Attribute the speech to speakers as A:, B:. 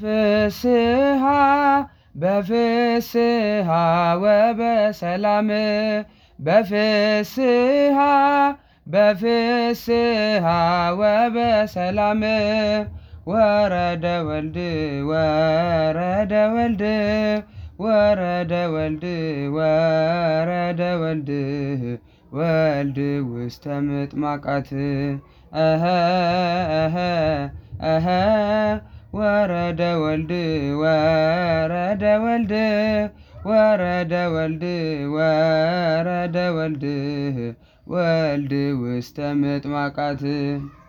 A: ፍስሃ በፍስሃ ወበሰላም በፍስሃ በፍስሃ ወበሰላም ወረደ ወልድ ወረደ ወልድ ወረደ ወልድ ወረደ ወልድ ወልድ ውስተ ምጥማቃት ወረደ ወልድ ወረደ ወልድ ወረደ ወልድ ወረደ ወልድ ወልድ ውስተ
B: ምጥማቃት